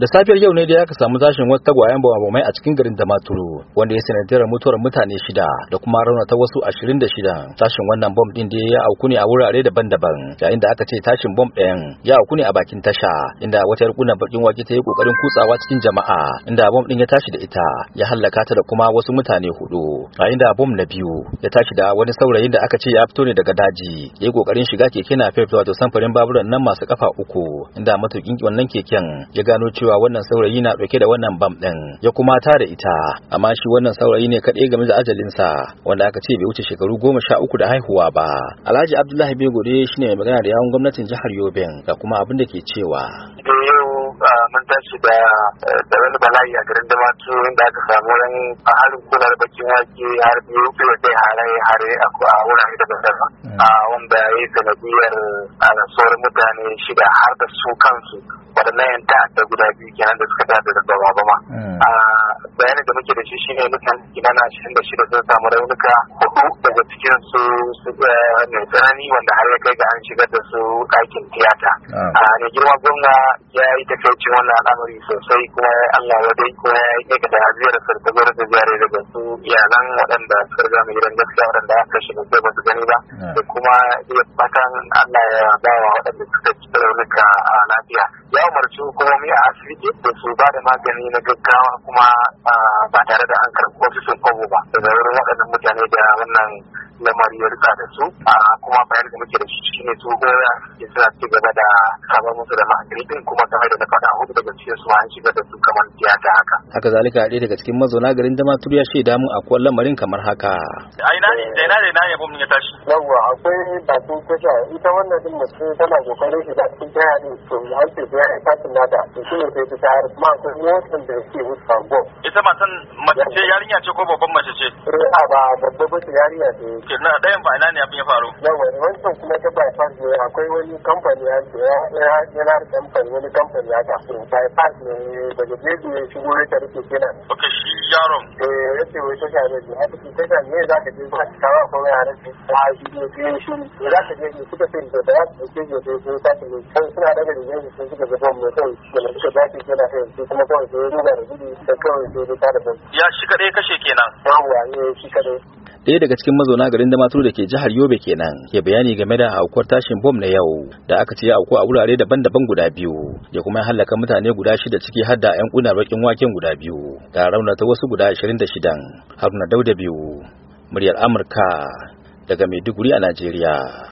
da safiyar yau ne da ya samu zashin wasu tagwayen mai a cikin garin damaturu wanda ya sanadiyar mutuwar mutane shida da kuma raunata wasu ashirin da shida tashin wannan bom din da ya auku ne a wurare daban-daban yayin da aka ce tashin bom ɗin ya auku ne a bakin tasha inda wata yarkunan bakin wake ta yi kokarin kutsawa cikin jama'a inda bom din ya tashi da ita ya hallaka ta da kuma wasu mutane hudu yayin da bom na biyu ya tashi da wani saurayin da aka ce ya fito ne daga daji ya yi kokarin shiga keke na wato samfurin baburan nan masu kafa uku inda matukin wannan keken ya gano cewa cewa wannan saurayi na dauke da wannan bam din ya kuma tare da ita amma shi wannan saurayi ne kadai game da ajalinsa wanda aka ce bai wuce shekaru goma sha uku da haihuwa ba alhaji abdullahi begode shine mai magana da yawun gwamnatin jihar yobin ga kuma abin da ke cewa mun tashi da eh, da wani bala'i a garin Damatu inda aka samu wani a harin kunar bakin wake har biyu kiwa dai harai hare a wurare da daban mm. A wanda ya yi sanadiyar rasuwar mutane shida har da su kansu waɗannan yan ta'adda guda biyu kenan da suka tada da bama bama. Mm. bayanin da muke da shi shine mutane kimanin ashirin da shida sun samu raunuka hudu daga cikin su eh, mai tsanani wanda har ya kai ga an shigar da su ɗakin tiyata. A ah. ne ah, girma gwamna ya yi takaicin wannan al'amari sosai kuma Allah ya dai kuma ya yi daga da ziyarar sarta da ziyarar daga su iyalan waɗanda suka gama mai gidan gaskiya waɗanda aka shiga sai ba su gani ba. Ah. kuma ya fatan Allah ya ba wa waɗanda suka ci raunuka a lafiya ya umarci hukumomi a asibiti da su ba da magani na gaggawa kuma ah, ba tare da an karɓi wasu sun ba daga wurin waɗannan mutane da wannan lamari ya rika da su a kuma bayan da muke da shi shi ne su goya suna ci gaba da kama musu da ma'adiri din kuma kamar da na faɗa hudu daga cikin su an shiga da su kamar tiyata haka. Haka zalika ɗaya daga cikin mazauna garin dama turiya shi damu a akwai lamarin kamar haka. A ina da ina da ina ya bom ya tashi. Yawwa akwai bakin kusa ita wannan din mutum tana kokarin shiga cikin taya din to an ce ya yi fatin nata shi ne sai ta tayar ma akwai motsin da yake wuce gom. Ita matan mace ce yarinya ce ko babban mace ce? Eh a ba babban mace yarinya ce. na ɗayan ba ina ne abin ya faru yawa wancan kuma ta ba bypass ne akwai wani kamfani ya ce ya yana da kamfani wani kamfani ya ta. ka fas ne daga jeji ne shigo ya tarike kenan ok shi yaron eh ya ce wai tasha ne ne haka shi tasha ne za ka je ba ka kawo ko ya race a shi ne kuma shi ne za ka je ne suka fi da ba su ke je ne su sai ta ne. sai suna daga da jeji sun suka ga bom ne kai da suka ba dace ta yanzu kuma kawai sai ya ruga da gudu da kawai sai ta da bom ya shi kadai kashe kenan yawa ne shi kaɗai. Daya daga cikin mazauna garin damaturu da ke jihar yobe kenan ya bayani game da aukuwar tashin bom na yau da aka ce ya auku a wurare daban-daban guda biyu ya kuma halaka mutane guda shida ciki har da 'yan ƙunar bakin waken guda biyu da ta wasu guda 26 haruna dauda biyu muryar amurka daga maiduguri a najeriya